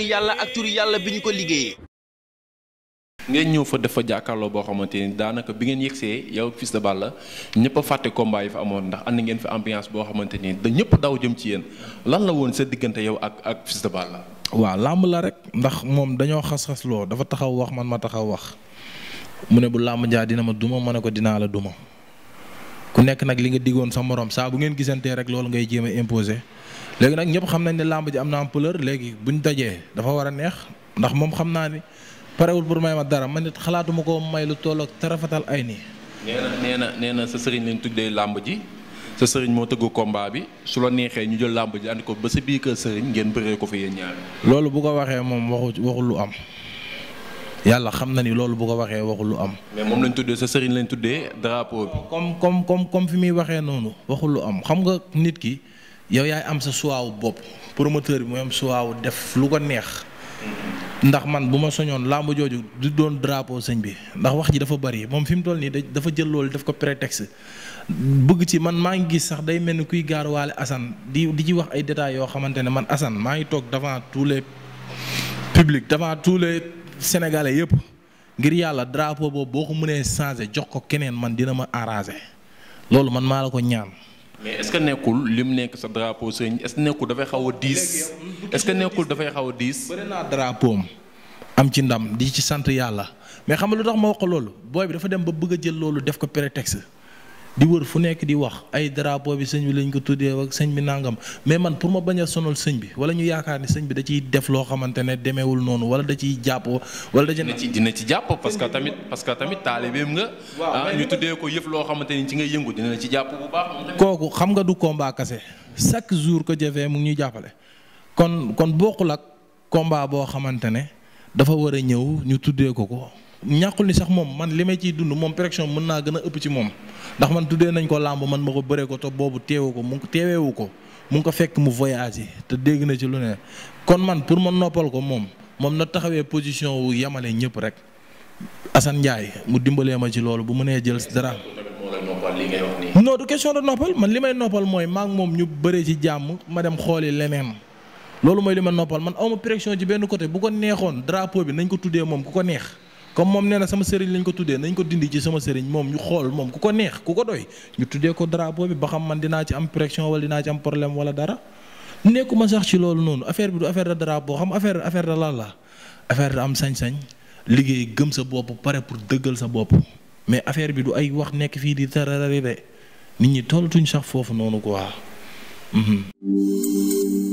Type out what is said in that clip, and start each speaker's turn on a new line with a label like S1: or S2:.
S1: yoonu yàlla ak yàlla bi ñu ko liggéeyee.
S2: ngeen ñëw fa dafa jàkkaarloo boo xamante ni daanaka bi ngeen yegsee yow Fils de Balla ñëpp a fàtte combat yi fa amoon ndax ànd ngeen fi ambiance boo xamante ni da ñëpp daw jëm ci yéen lan la woon sa diggante yow ak ak Fils
S3: waa làmb la rek ndax moom dañoo xas-xasloo dafa taxaw wax man ma taxaw wax mu ne bu làmb jaa dina ma duma ma ne ko dinaa la duma ku nekk nag li nga diggoon sa morom saa bu ngeen gisantee rek loolu ngay jéem a imposer. léegi nag ñëpp xam nañ ne làmb ji am na ampleur léegi bu ñu dajee dafa war a neex ndax moom xam naa ni parewul pour may ma dara man nit xalaatuma ko may lu tolloog tarafatal ay nii.
S2: nee na nee na sa sëriñ lañ tuddee làmb ji sa sëriñ moo tëggu combat bi su la neexee ñu jël làmb ji andi ko ba sa biir kër sëriñ ngeen bëree ko fi yéen
S3: loolu bu ko waxee moom waxu waxul lu am. yàlla xam na ni loolu bu ko waxee waxul lu am. mais moom lañ
S2: tuddee sa sëriñ lañ tuddee drapeau bi.
S3: comme comme comme fi muy waxee noonu waxul lu am xam nga nit ki. yow yaay am sa suwaawu bopp promoteur bi mooy am suwaawu def lu ko neex. ndax man bu ma soñoon làmb jooju du doon drapeau sëñ bi ndax wax ji dafa bari moom fi mu toll nii dafa jël loolu daf ko prétexte bëgg ci man maa ngi gis sax day mel ni kuy gaaruwaale Assane di di ci wax ay détails yoo xamante ne man Assane maa ngi toog devant tous les publics devant tous les sénégalais yëpp ngir yàlla drapeau boobu boo ko mënee changé jox ko keneen man dina ma arrangé loolu man maa ko ñaan.
S2: mais est ce que nekkul lim nekk sa drapeau sëñ est ce nekkul dafay xaw a diis est que nekkul dafay xaw a diis. bëri naa drapeau
S3: am ci ndam di ci sant yàlla mais xam nga lu tax ma wax loolu booy bi dafa dem ba bëgg a jël loolu def ko prétexte. di wër fu nekk di wax ay drapeau bi sëñ bi lañ ko tuddee ak sëñ bi nangam mais man pour ma bañ a sonal sëñ bi wala ñu yaakaar ni sëñ bi da ciy def loo xamante ne demeewul noonu wala da ciy jàppoo
S2: wala da ci dina ci jàpp parce que tamit parce que tamit taalibeem nga ah, ñu tuddee ko yëf loo xamante ni ci nga yëngu dina ci jàpp
S3: kooku xam nga du combat kase chaque jour que jëfee mu ngi ñuy jàppale kon kon bokkul ak combat boo xamante ne dafa war a ñëw ñu tuddee ko ko ñàkkul ni sax moom man li may ciy dund moom pression mën naa gën a ëpp ci moom ndax man tuddee nañ ko làmb man ma ko baree ko te boobu teewu ko mu teeweewu ko mu ngi ko fekk mu voyage te dégg na ci lu ne kon man pour ma noppal ko moom moom na taxawee position wu yemale ñëpp rek Assane Ndiaye mu dimbalee ma ci loolu bu mënee jël dara. non du question de noppal man li may noppal mooy maa moom ñu bëree ci jàmm ma dem xooli leneen. loolu mooy li ma noppal man awma prection ci benn côté bu ko neexoon drapeau bi nañ ko tuddee moom ku ko neex. comme moom nee na sama sëriñ lañ ko tuddee nañ ko dindi ci sama sëriñ moom ñu xool moom ku ko neex ku ko doy ñu tuddee ko drapeau bi ba xam man dinaa ci am pression wala dinaa ci am problème wala dara nekkuma sax ci loolu noonu affaire bi du affaire de boo xam affaire affaire de lan la affaire de am sañ-sañ liggéey gëm sa bopp pare pour dëggal sa bopp mais affaire bi du ay wax nekk fii di tararari de nit ñi tollatuñ sax foofu noonu ko quoi. Mhm.